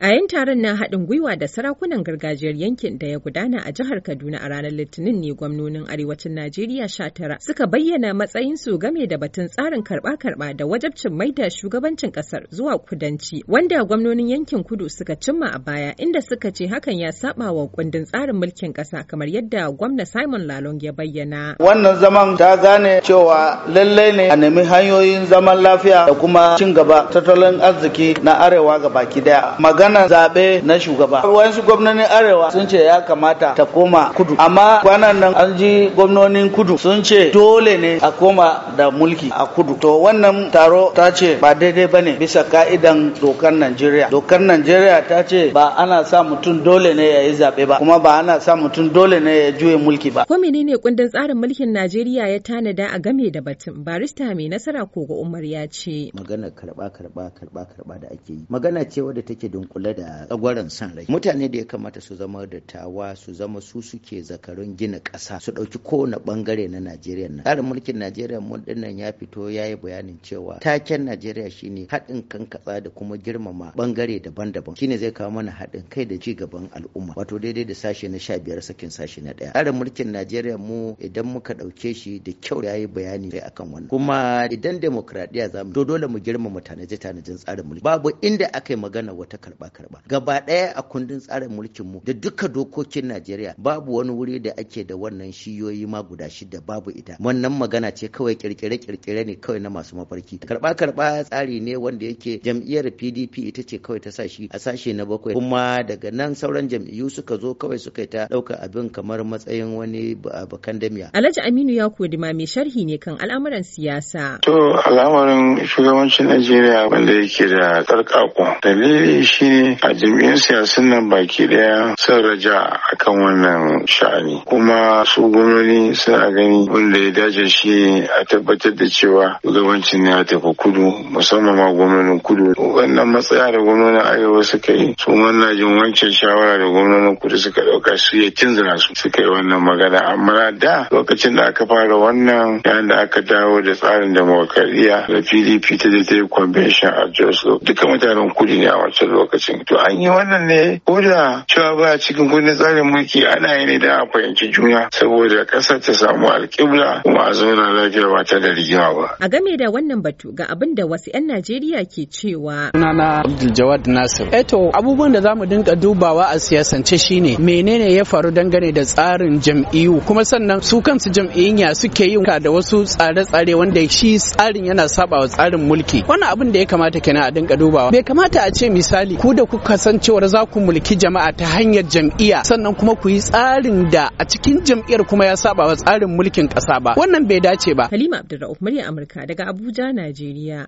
A yin taron na haɗin gwiwa da sarakunan gargajiyar yankin da ya gudana a jihar Kaduna a ranar Litinin ne gwamnonin Arewacin Najeriya sha tara suka bayyana matsayin su game da batun tsarin karɓa-karɓa da wajabcin maida shugabancin ƙasar zuwa kudanci wanda gwamnonin yankin kudu suka cimma a baya inda suka ce hakan ya saba wa kundin tsarin mulkin ƙasa kamar yadda gwamna Simon Lalong ya bayyana. Wannan zaman ta gane cewa lallai ne a nemi hanyoyin zaman lafiya da kuma cin gaba tattalin arziki na arewa ga baki daya. kanan zaɓe na shugaba wayansu gwamnonin arewa sun ce ya kamata ta koma kudu amma kwanan nan an ji gwamnonin kudu sun ce dole ne a koma da mulki a kudu to wannan taro ta ce ba daidai bane bisa ka'idan dokar najeriya dokar najeriya ta ce ba ana sa mutum dole ne ya yi zaɓe ba kuma ba ana sa mutum dole ne ya juye mulki ba ko menene kundin tsarin mulkin najeriya ya tanada a game da batun barista mai nasara kogo umar ya ce magana karba karba karba karba da ake yi magana ce wadda take dunkule kula da tsagwaron san rai mutane da ya kamata su zama dattawa su zama su suke zakarun gina ƙasa su ɗauki kowane ɓangare na najeriya na. tsarin mulkin najeriya mun nan ya fito ya yi bayanin cewa taken najeriya shine haɗin kan katsa da kuma girmama ɓangare daban-daban shine zai kawo mana haɗin kai da ci gaban al'umma wato daidai da sashe na sha biyar sakin sashe na ɗaya tsarin mulkin najeriya mu idan muka ɗauke shi da kyau ya yi bayani sai akan wannan kuma idan demokradiya za mu dole mu girmama tanaje-tanajen tsarin mulki babu inda aka yi magana wata karɓa gaba ɗaya a kundin tsarin mulkin mu da duka dokokin Najeriya babu wani wuri da ake da wannan shiyoyi ma guda shida babu ita wannan magana ce kawai kirkire kirkire ne kawai na masu mafarki karba karba tsari ne wanda yake jam'iyyar PDP ita ce kawai ta sashi a sashe na bakwai kuma daga nan sauran jam'iyyu suka zo kawai suka ta ɗauka abin kamar matsayin wani bakan damiya. Alhaji Aminu ya ma mai sharhi ne kan al'amuran siyasa. To al'amarin shugabancin Najeriya wanda yake da karkako dalili shine a jam'iyyun siyasan nan baki daya sun raja akan wannan sha'ani kuma su gwamnoni suna gani wanda ya dace shi a tabbatar da cewa shugabancin ya tafi kudu musamman ma gwamnonin kudu wannan matsaya da gwamnonin arewa suka yi su wannan jin wancan shawara da gwamnonin kudu suka dauka su ya canza su suka yi wannan magana amma da lokacin da aka fara wannan yayin da aka dawo da tsarin demokradiya da pdp ta da ta yi convention a jos duka mutanen kudu ne a wancan lokacin shin to an yi wannan ne ko da cewa ba cikin kundin tsarin mulki ana yi ne da a fahimci juna saboda ƙasar ta samu alƙibla kuma a zauna lafiya ba ta da rigima ba. A game da wannan batu ga abin da wasu 'yan Najeriya ke cewa. Sunana Abdul Jawad Nasir. Eto eh abubuwan da zamu dinga dubawa a siyasance shine menene ya faru dangane da tsarin jam'iyyu kuma sannan su kansu jam'iyyun ya suke yin da wasu tsare-tsare wanda shi tsarin yana sabawa tsarin mulki. Wannan abin da ya kamata kenan a dinga dubawa. Bai kamata a ce misali ku da kuka san cewar za ku mulki jama'a ta hanyar jam'iyya sannan kuma ku yi tsarin da a cikin jam'iyyar kuma ya saba wa tsarin mulkin ƙasa ba wannan bai dace ba halima abdurrauf murya amurka daga abuja najeriya